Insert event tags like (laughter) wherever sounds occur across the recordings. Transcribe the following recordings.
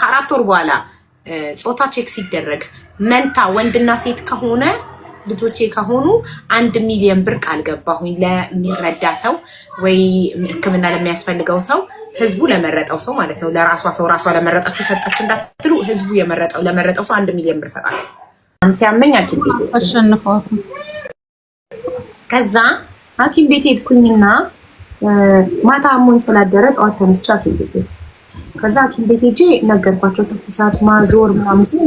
ከአራት ወር በኋላ ጾታ ቼክ ሲደረግ መንታ ወንድና ሴት ከሆነ ልጆቼ ከሆኑ አንድ ሚሊዮን ብር ቃል ገባሁኝ ለሚረዳ ሰው ወይ ሕክምና ለሚያስፈልገው ሰው ህዝቡ ለመረጠው ሰው ማለት ነው። ለራሷ ሰው ራሷ ለመረጠችው ሰጠች እንዳትሉ፣ ህዝቡ የመረጠው ለመረጠው ሰው አንድ ሚሊዮን ብር ሰጣል። ሲያመኝ ሐኪም ቤት አሸንፏት። ከዛ ሐኪም ቤት ሄድኩኝና ማታ አሞኝ ስላደረ ጠዋት ተነስቼ ሐኪም ቤት ከዛ ሐኪም ቤት ሄጄ ነገርኳቸው። ትኩሳት፣ ማዞር ምናምን ሲል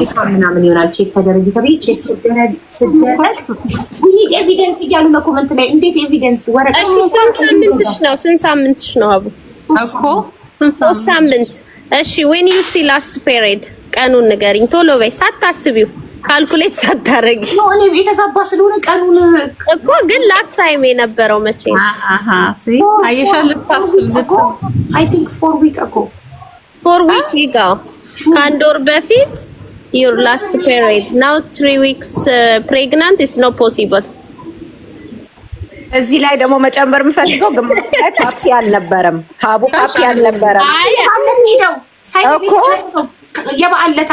ድካም ምናምን ይሆናል ቼክ ተደረጊ ተብዬ ቼክ ስደረግ ስደረግ ኤቪደንስ እያሉ ነው ኮመንት ላይ። እንዴት ኤቪደንስ ወረቀት? ስንት ሳምንትሽ ነው? ስንት ሳምንትሽ ነው? አቡ እኮ ሶስት ሳምንት። እሺ ዌን ዩ ሲ ላስት ፔሪድ ቀኑን ንገሪኝ ቶሎ በይ ሳታስቢው ካልኩሌት ሳታረጊ እኔ የተዛባ ስለሆነ ቀኑን እኮ ግን ላስት ታይም የነበረው መቼ አየሻ? ልታስብ አይ ቲንክ ፎር ዊክ እኮ ፎር ዊክ ይጋ ከአንድ ወር በፊት ዩር ላስት ፔሪድ ናው ትሪ ዊክስ ፕሬግናንት ኢስ ኖ ፖሲብል። እዚህ ላይ ደግሞ መጨመር የምፈልገው ግማሽ ላይ ፓፕሲ አልነበረም፣ ሀቡ ፓፕሲ አልነበረም እኮ የበዓለታ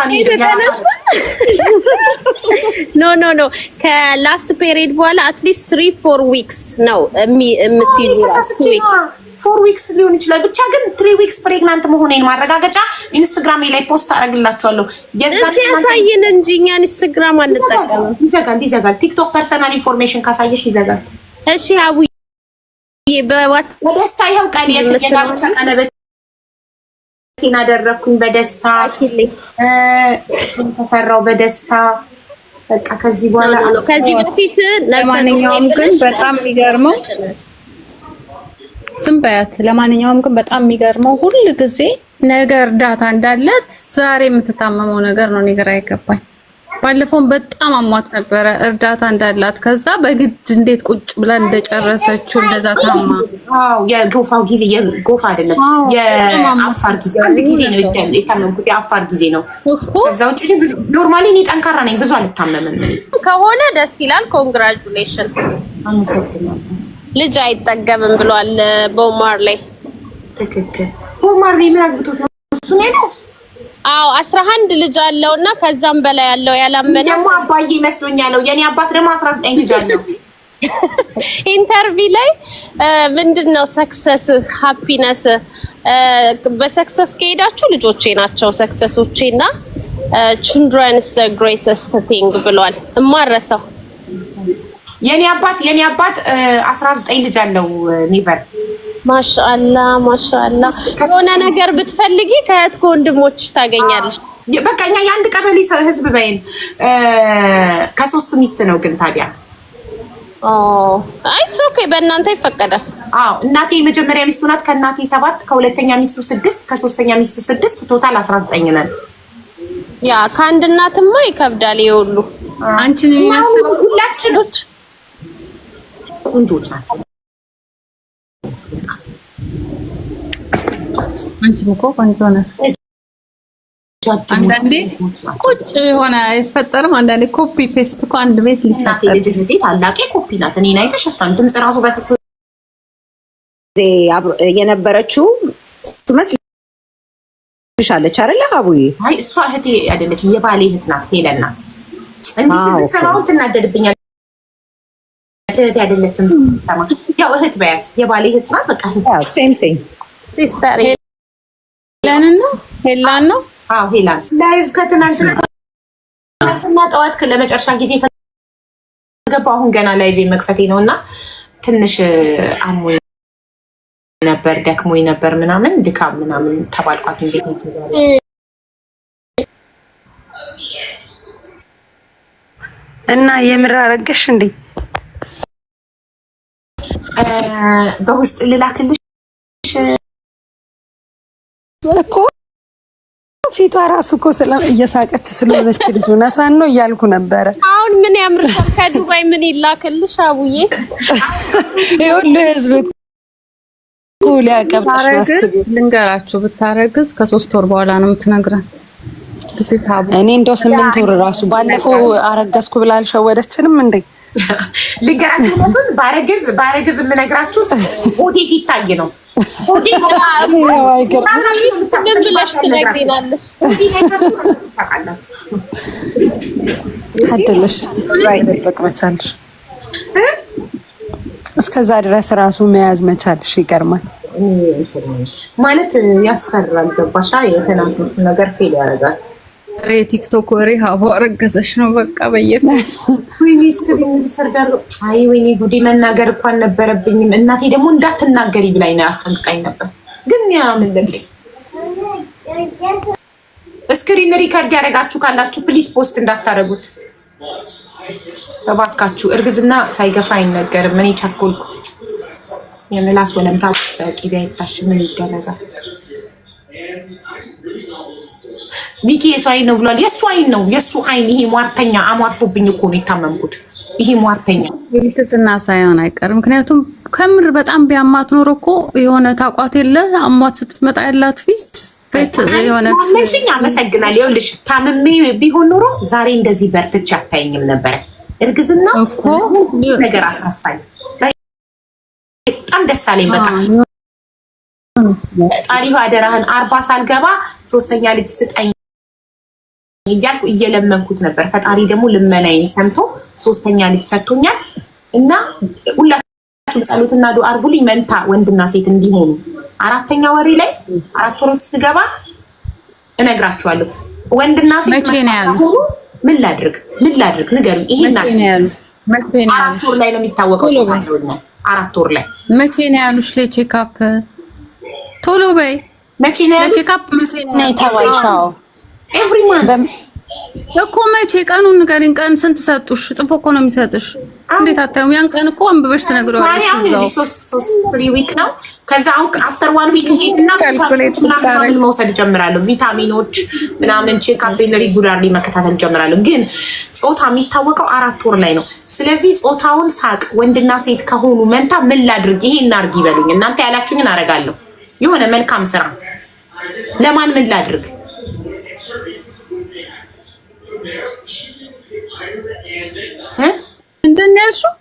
ኖ ኖ ኖ ከላስት ፔሪድ በኋላ አትሊስት ስሪ ፎር ዊክስ ነው የምትይዙ። ፎር ዊክስ ሊሆን ይችላል። ብቻ ግን ትሪ ዊክስ ፕሬግናንት መሆኔን ማረጋገጫ ኢንስትግራሜ ላይ ፖስት አደርግላችኋለሁ። ያሳይን እንጂ እኛን ኢንስትግራም አንጠቀምም። ይዘጋል፣ ይዘጋል። ቲክቶክ ፐርሰናል ኢንፎርሜሽን ካሳየሽ ይዘጋል። እሺ አቡ በደስታ ይኸው ቀን የጋብቻ ቀለበት ኬኬን አደረግኩኝ በደስታ ተሰራው በደስታ በቃ ከዚህ በኋላ ከዚህ በፊት ለማንኛውም ግን በጣም የሚገርመው ዝም በያት። ለማንኛውም ግን በጣም የሚገርመው ሁል ጊዜ ነገ እርዳታ እንዳላት ዛሬ የምትታመመው ነገር ነው። እኔ ግራ አይገባኝ። ባለፈውን በጣም አሟት ነበረ እርዳታ እንዳላት ከዛ በግድ እንዴት ቁጭ ብላ እንደጨረሰችው እንደዛ ታማ የጎፋው ጊዜ የጎፋ አይደለም የአፋር ጊዜ ጊዜ ነው የታመምኩት የአፋር ጊዜ ነው ከዛ ውጭ ኖርማሊ እኔ ጠንካራ ነኝ ብዙ አልታመምም ከሆነ ደስ ይላል ኮንግራጁሌሽን አመሰግናለሁ ልጅ አይጠገምም ብሏል ቦማር ላይ ትክክል ቦማር ላይ ምን አግብቶት ነው እሱ ነው አዎ አስራ አንድ ልጅ አለው እና ከዛም በላይ አለው። ያላመነ ደግሞ አባዬ ይመስሎኛል። የኔ አባት ደግሞ አስራ ዘጠኝ ልጅ አለው። (laughs) ኢንተርቪ ላይ ምንድን ነው ሰክሰስ ሀፒነስ፣ በሰክሰስ ከሄዳችሁ ልጆቼ ናቸው ሰክሰሶቼ እና ችልድረንስ ዘ ግሬተስት ቲንግ ብሏል። እማረሰው የኔ አባት የኔ አባት አስራ ዘጠኝ ልጅ አለው ኒቨር ማሻአላ ማሻአላ። የሆነ ነገር ብትፈልጊ ከእህት ከወንድሞች ታገኛለሽ። በቃ እኛ የአንድ ቀበሌ ህዝብ በይን። ከሶስት ሚስት ነው ግን ታዲያ አይት ኦኬ፣ በእናንተ ይፈቀዳል። አዎ እናቴ የመጀመሪያ ሚስቱ ናት። ከእናቴ ሰባት፣ ከሁለተኛ ሚስቱ ስድስት፣ ከሶስተኛ ሚስቱ ስድስት፣ ቶታል 19 ነን። ያ ከአንድ እናትማ ይከብዳል። ይኸውሉ አንቺን የሚያስቡ ሁላችንም ቆንጆች ናቸው። አንቺም እኮ ቆንጆ ነሽ። አንዳንዴ ቁጭ የሆነ አይፈጠርም። አንዳንዴ ኮፒ ፔስት እኮ አንድ ቤት ታላቄ ኮፒ ናት። እኔን አይተሽ እሷን ድምፅ ራሱ በትች የነበረችው ትመስልሻለች አይደለ? አቡዬ አይ እሷ እህቴ አይደለችም፣ የባሌ እህት ናት። ሄለን ናት። እንዲህ ስትሰማውን ትናደድብኛል። እህቴ አይደለችም። ያው እህት በያት የባሌ እህት ናት። በቃ ሴም ቲንግ ሲስተር ሄላንን ነው ሄላን ነው። አዎ ሄላን ላይቭ ከትናንትና ጠዋት ለመጨረሻ ጊዜ ከገባ አሁን ገና ላይቭ መክፈቴ ነው እና ትንሽ አሞ ነበር ደክሞኝ ነበር ምናምን ድካም ምናምን ተባልኳት። እንዴት ነው እና የምር አረገሽ እንዴ? በውስጥ ልላክልሽ እኮ ፊቷ ራሱ እኮ እየሳቀች ስለሆነች ልጅ እውነቷን ነው እያልኩ ነበረ። አሁን ምን ያምርሻል? ከዱባይ ምን ይላክልሽ? አቡዬ የሁሉ ህዝብ ሊያቀብሽ ልንገራችሁ፣ ብታረግዝ ከሶስት ወር በኋላ ነው የምትነግረን። እኔ እንደው ስምንት ወር ራሱ ባለፈው አረገዝኩ ብላ አልሸወደችንም እንዴ? ልንገራችሁ፣ ባረግዝ ባረግዝ የምነግራችሁ ወዴት ሲታይ ነው እስከዛ ድረስ ራሱ መያዝ መቻልሽ ይገርማል። ማለት ያስፈራል። ገባሻ? የተናገርኩት ነገር ፌል ያደርጋል። ሬ ቲክቶክ ወሬ ሀቦ አረገዘች ነው በቃ። በየት ወይኔ እስክሪን ፈርዳለሁ። አይ ወይኔ ጉዴ መናገር እንኳን ነበረብኝም። እናቴ ደግሞ እንዳትናገሪ ብላኝ ነው አስጠንቅቃኝ ነበር፣ ግን ያ ምንልኝ። እስክሪን ሪከርድ ያደረጋችሁ ካላችሁ ፕሊስ ፖስት እንዳታደርጉት እባካችሁ። እርግዝና ሳይገፋ አይነገርም። እኔ ቸኮልኩ። የምላስ ወለምታ በቂቢያ ይታሽ ምን ይደረጋል? ሚኪ የሱ አይን ነው ብሏል። የሱ አይን ነው የሱ አይን። ይሄ ሟርተኛ አሟርቶብኝ እኮ ነው የታመምኩት። ይሄ ሟርተኛ የልትጽና ሳይሆን አይቀርም። ምክንያቱም ከምር በጣም ቢያማት ኖሮ እኮ የሆነ ታቋት የለ አሟት ስትመጣ ያላት ፊስ ቤት የሆነ ሽኝ አመሰግናል። ይኸውልሽ ታምሜ ቢሆን ኖሮ ዛሬ እንደዚህ በርትቼ አታየኝም ነበረ። እርግዝና እኮ ነገር አሳሳኝ። በጣም ደስ አለኝ። በቃ ጣሪሁ አደራህን አርባ ሳልገባ ሶስተኛ ልጅ ስጠኝ እያልኩ እየለመንኩት ነበር። ፈጣሪ ደግሞ ልመናዬን ሰምቶ ሶስተኛ ልጅ ሰጥቶኛል እና ሁላችሁም ጸሎትና ዱዓ አርጉልኝ መንታ ወንድና ሴት እንዲሆኑ። አራተኛ ወሬ ላይ አራት ወሮች ስገባ እነግራችኋለሁ። ወንድና ሴት ምን ላድርግ ምን ላድርግ ንገሩኝ። ይሄን አራት ወር ላይ ነው የሚታወቀው። አራት ወር ላይ መቼ ነው ያሉሽ? ለቼካፕ ቶሎ በይ መቼ ነው ያሉሽ? ለቼካፕ መቼ ነው የተባልሽው? ኤቭሪ ማንት እኮ መቼ ቀኑን ንገሪን። ቀን ስንት ሰጡሽ? ጽፎ እኮ ነው የሚሰጥሽ። እንዴት አታዩም? ያን ቀን እኮ አንብበሽ ትነግሪዋለሽ። እዛው ነው። ከዛ አሁን አፍተር ዋን ዊክ ሄድና ምናምን መውሰድ ጀምራለሁ። ቪታሚኖች ምናምን ቼካፔን ሪጉላርሊ መከታተል ጀምራለሁ። ግን ጾታ የሚታወቀው አራት ወር ላይ ነው። ስለዚህ ጾታውን ሳቅ ወንድና ሴት ከሆኑ መንታ ምን ላድርግ፣ ይሄን እናርግ ይበሉኝ። እናንተ ያላችሁኝን አረጋለሁ። የሆነ መልካም ስራ ለማን ምን ላድርግ ምንድን ነው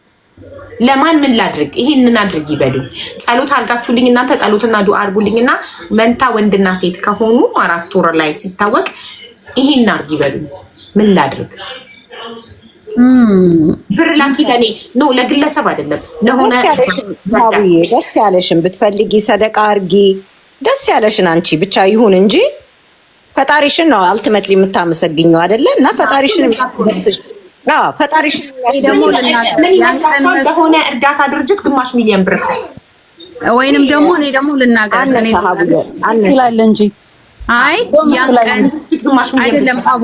ለማን ምን ላድርግ? ይሄንን አድርግ ይበሉኝ። ጸሎት አድርጋችሁልኝ እናንተ ጸሎትና ዱዓ አድርጉልኝና መንታ ወንድና ሴት ከሆኑ አራት ወር ላይ ሲታወቅ ይሄን አድርግ ይበሉኝ። ምን ላድርግ? ብር ላኪ ለኔ ኖ ለግለሰብ አይደለም ለሆነ ደስ ያለሽን ብትፈልጊ ሰደቃ አርጊ። ደስ ያለሽን አንቺ ብቻ ይሁን እንጂ ፈጣሪሽን ነው አልቲሜትሊ የምታመሰግኘው አይደለ? እና ፈጣሪሽን ፈጣሪ ምን ይመስላቸዋል? በሆነ እርዳታ ድርጅት ግማሽ ሚሊዮን ብር ወይንም ደግሞ እኔ ደግሞ ልናገር ትላለ እንጂ አይ ያን ቀን አይደለም አቡ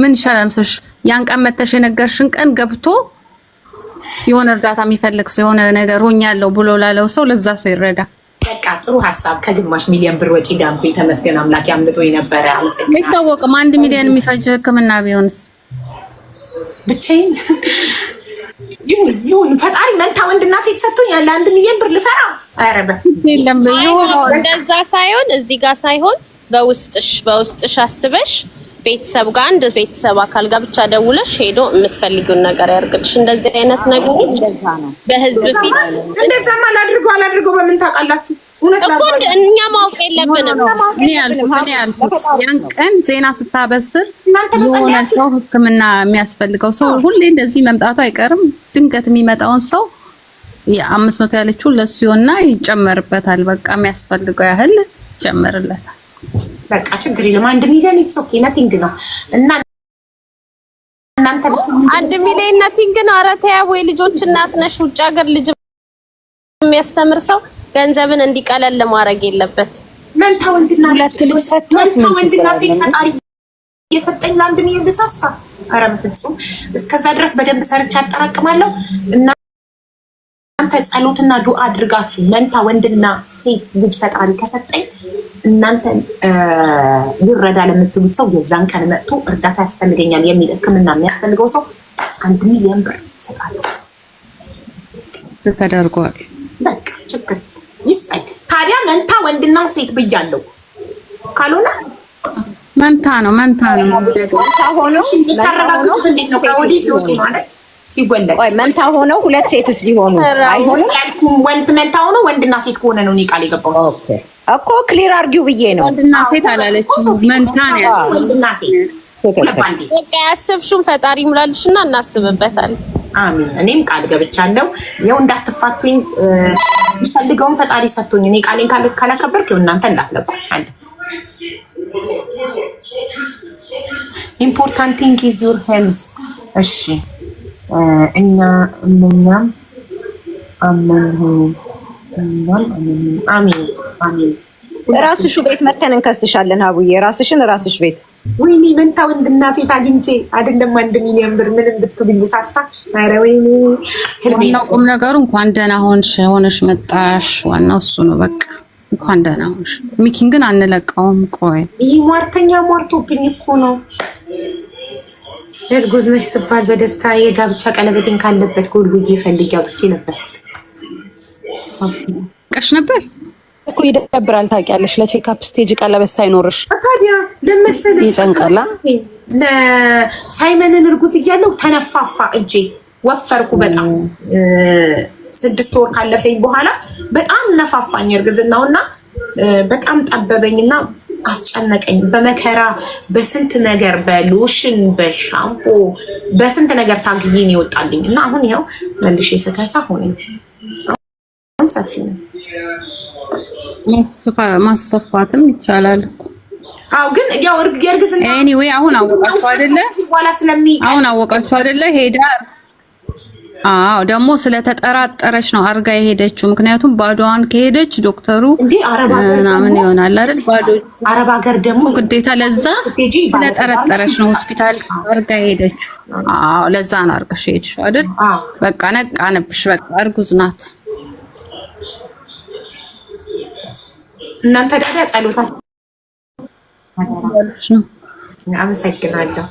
ምን ይሻላል ምስልሽ ያን ቀን መተሽ የነገርሽን ቀን ገብቶ የሆነ እርዳታ የሚፈልግ ሰው የሆነ ነገር ሆኛለሁ ብሎ ላለው ሰው ለዛ ሰው ይረዳ። በቃ ጥሩ ሀሳብ። ከግማሽ ሚሊዮን ብር ወጪ ጋር ተመስገን አምላክ ያምልጦ የነበረ አይታወቅም። አንድ ሚሊዮን የሚፈጅ ህክምና ቢሆንስ ብቻዬን ይሁን ይሁን ፈጣሪ መንታ ወንድና ሴት ሰጥቶኝ ያለ አንድ ሚሊዮን ብር ልፈራ አረበ እንደዛ ሳይሆን እዚህ ጋር ሳይሆን በውስጥሽ በውስጥሽ አስበሽ ቤተሰብ ጋር አንድ ቤተሰብ አካል ጋር ብቻ ደውለሽ ሄዶ የምትፈልጊውን ነገር ያርግልሽ። እንደዚህ አይነት ነገር በህዝብ ፊት እንደዛማ ላድርጎ አላድርጎ በምን ታውቃላችሁ? እኛ ማወቅ የለብንም። ያን ቀን ዜና ስታበስር የሆነ ሰው ሕክምና የሚያስፈልገው ሰው ሁሌ እንደዚህ መምጣቱ አይቀርም። ድንገት የሚመጣውን ሰው የአምስት መቶ ያለችው ለሱ ይሆንና ይጨመርበታል። በቃ የሚያስፈልገው ያህል ይጨመርለታል። በቃ ችግር የለም። አንድ ሚሊዮን ኢትስ ኦኬ ነቲንግ ነው እና አንድ ሚሊዮን ነቲንግ ነው። ኧረ ተያው፣ የልጆች እናት ነሽ። ውጭ ሀገር ልጅ የሚያስተምር ሰው ገንዘብን እንዲቀለል ለማድረግ የለበት። መንታ ወንድና ሰጥቷት ወንድና ሴት ፈጣሪ የሰጠኝ ለአንድ ሚሊዮን ልሳሳ። ኧረ በፍጹም እስከዛ ድረስ በደንብ ሰርቻ አጠራቅማለሁ። እናንተ ጸሎትና ዱአ አድርጋችሁ መንታ ወንድና ሴት ልጅ ፈጣሪ ከሰጠኝ እናንተ ይረዳ ለምትሉት ሰው የዛን ቀን መጥቶ እርዳታ ያስፈልገኛል የሚል ሕክምና የሚያስፈልገው ሰው አንድ ሚሊዮን ብር ይሰጣለሁ ተደርጓል። ችግር ይስጠኝ። ታዲያ መንታ ወንድና ሴት ብያለሁ። ካልሆነ መንታ ነው መንታ ነው መንታ ሁለት ሴትስ ቢሆኑ አይሆንም። መንታ ወንድና ሴት ከሆነ ነው እኔ ቃል የገባሁት እኮ ክሊር አርጊው ብዬ ነው። ወንድና ሴት አላለችም፣ መንታ ነው ፈጣሪ ይሙላልሽ እና እናስብበታለን። አሚን። እኔም ቃል ገብቻለሁ። ይኸው እንዳትፋቱኝ የሚፈልገውን ፈጣሪ ሰጥቶኝ፣ እኔ ቃሌን ካላከበርክ እናንተ እንዳትለቁ አለ። ኢምፖርታንት ቲንግ ኢዝ ዩር ሄልዝ። እሺ እኛ እነኛም አመንሁ አሚን አሚን። ራስሹ ቤት መተን እንከስሻለን። አቡዬ ራስሽን ራስሽ ቤት ወይኔ መንታ ወንድና ሴት አግኝቼ አይደለም አንድ ሚሊዮን ብር ምንም ብትብኝ ሳሳ ኧረ ወይኔ። ዋናው ቁም ነገሩ እንኳን ደህና ሆንሽ ሆነሽ መጣሽ። ዋናው እሱ ነው በቃ እንኳን ደህና ሆንሽ። ሚኪን ግን አንለቀውም። ቆይ ይህ ሟርተኛ ሟርቶብኝ እኮ ነው። እርጉዝ ነሽ ስባል በደስታ የጋብቻ ቀለበቴን ካለበት ጎልጉዬ ፈልጌ አውጥቼ ለበስኩት ቀሽ ነበር እኮ ይደብራል ታውቂያለሽ። ለቼክአፕ ስቴጅ ቀለበት ሳይኖርሽ ታዲያ ለመሰለ ይጨንቃላ። ለሳይመንን እርጉዝ እያለው ተነፋፋ እጄ ወፈርኩ በጣም ስድስት ወር ካለፈኝ በኋላ በጣም ነፋፋኝ እርግዝናውና በጣም ጠበበኝና አስጨነቀኝ። በመከራ በስንት ነገር በሎሽን በሻምፖ በስንት ነገር ታግዬን ይወጣልኝ እና አሁን ይኸው መልሼ ስከሳ ሆነኝ። ሰፊ ነው። ማሰፋትም ይቻላል። ግን ያው የእርግዝና ኤኒዌይ አሁን አወቃችሁ አይደለ? አሁን አወቃችሁ አይደለ? ሄዳ ደግሞ ስለተጠራጠረች ነው አርጋ የሄደችው። ምክንያቱም ባዶዋን ከሄደች ዶክተሩ ምናምን ይሆናል አይደል? ባዶ አረብ ሀገር ደግሞ ግዴታ ለዛ ስለጠረጠረች ነው ሆስፒታል አርጋ የሄደችው። ለዛ ነው አይደል? በቃ በቃ እርጉዝ ናት። እናንተ ዳዳ ጸሎታ አመሰግናለሁ።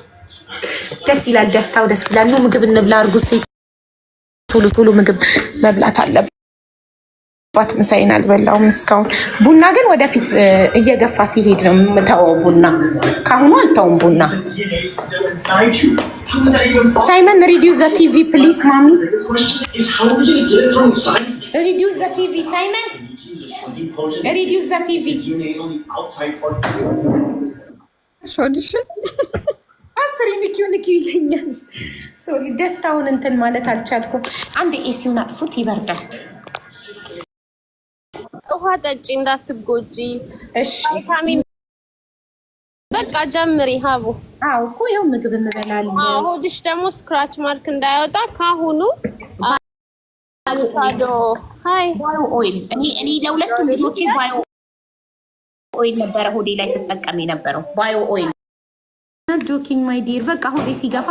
ደስ ይላል። ደስታው ደስ ይላል። ኑ ምግብ እንብላ። እርጉዝ ቶሎ ቶሎ ምግብ መብላት አለባት። ምሳዬን አልበላውም እስካሁን። ቡና ግን ወደፊት እየገፋ ሲሄድ ነው የምተወው። ቡና ካሁኑ አልተውም። ቡና ሳይመን ሪዲው ዘ ቲቪ ፕሊዝ ማሚ ሪዲው ዘ ቲቪ ሳይመን Редюс за ሾልሽ አስሪ ንኪው ንኪው ይለኛል። ሶሪ ደስታውን እንትን ማለት አልቻልኩም። አንድ ኤሲውን አጥፉት፣ ይበርዳል። ውሃ ጠጪ እንዳትጎጂ በቃ ጀምሪ ሀቡ። አዎ እኮ ይኸው ምግብ እንበላለን። ሆድሽ ደግሞ ስክራች ማርክ እንዳያወጣ ካሁኑ ባዮ ኦይል እኔ ለሁለቱም ልጆች ባዮ ኦይል ነበረ ሆዴ ላይ ስጠቀም የነበረው ባዮ ኦይል። ጆኪንግ ማይ ዲር በቃ ሆዴ ሲገፋ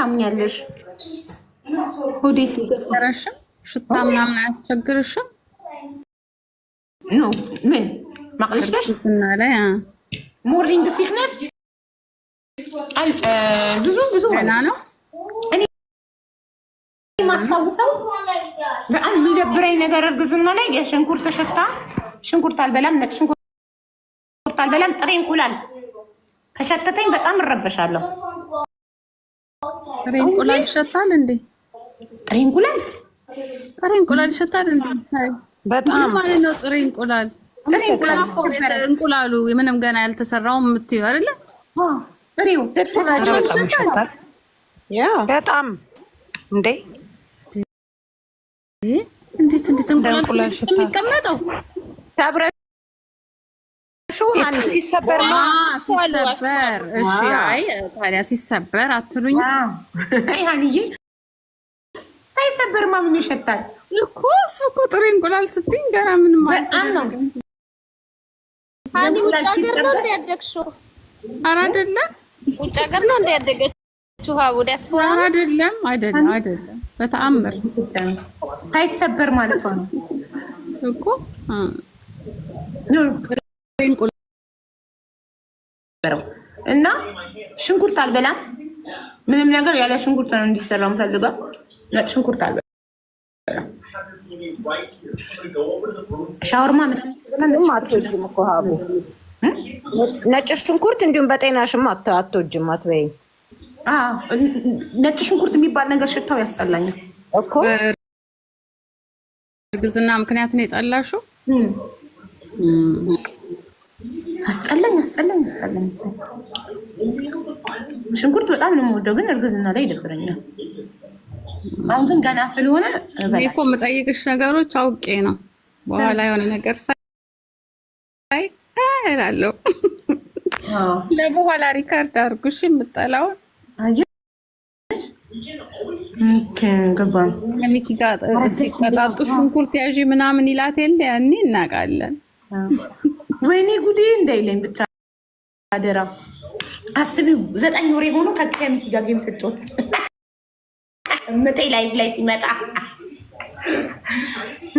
ታምኛለሽ። ሆዴ ሲገፋ ሽታ ምናምን አያስቸግርሽም? ኖ ምን ማቅለሽለሽ ሞርኒንግ ሲክነስ ብዙ ብዙ ነው። እኔ የማስታውሰው በጣም የሚደብረኝ ነገር እርግዝና ላይ የሽንኩርት ሽታ፣ ሽንኩርት አልበላም፣ ነጭ ሽንኩርት አልበላም፣ ጥሬ እንቁላል ከሸተተኝ በጣም እረበሻለሁ። ጥሬ እንቁላል ይሸታል እንዴ? ጥሬ እንቁላል ጥሬ እንቁላል ይሸታል እንዴ? በጣም ማለት ነው። ጥሬ እንቁላል እንቁላሉ ምንም ገና ያልተሰራው የምትዩ አይደለ? ጥሬው በጣም እንዴ እንዴት እንዴት እንቁላል የሚቀመጠው ሲሰበር ሲሰበር፣ እሺ። አይ ታዲያ ሲሰበር አትሉኝ? ሀኒዬ ሳይሰበር ማምኑ ይሸታል እኮ እሱ እኮ ጥሬ እንቁላል ስትኝ ገና ምንም ሀኒ ውጭ ሀገር ነው እንዲያደግሽው? ኧረ አይደለም፣ ውጭ ሀገር ነው እንዲያደገችው? አይደለም፣ አይደለም፣ አይደለም በተአምር ሳይሰበር ማለት ነው እኮ እና ሽንኩርት አልበላም። ምንም ነገር ያለ ሽንኩርት ነው እንዲሰራ ምፈልገው። ነጭ ሽንኩርት አልበላም። ሻወርማ ምንም አትወጂም እኮ ሀቡ ነጭ ሽንኩርት። እንዲሁም በጤናሽም አትወጂም አትበይም ነጭ ሽንኩርት የሚባል ነገር ሽታው ያስጠላኛል እኮ። እርግዝና ምክንያት ነው የጠላሽው? አስጠላኝ አስጠላኝ አስጠላኝ። ሽንኩርት በጣም ነው የምወደው፣ ግን እርግዝና ላይ ይደብረኛል። አሁን ግን ገና ስለሆነ እኮ የምጠይቅሽ ነገሮች አውቄ ነው። በኋላ የሆነ ነገር ሳይ እላለሁ። ለበኋላ ሪካርድ አድርጉሽ የምጠላውን ሲቀጣጡ ሽንኩርት ያዥ ምናምን ይላት የለ ያኔ እናውቃለን። ወይኔ ጉዴ እንዳይለኝ ብቻ አደራ አስቢው። ዘጠኝ ወሬ ሆኖ ከሚኪ ጋር ጌም ስጮት ምጤ ላይቭ ላይ ሲመጣ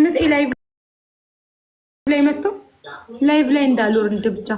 ምጤ ላይቭ ላይ መጥቶ ላይቭ ላይ እንዳሉ ብቻ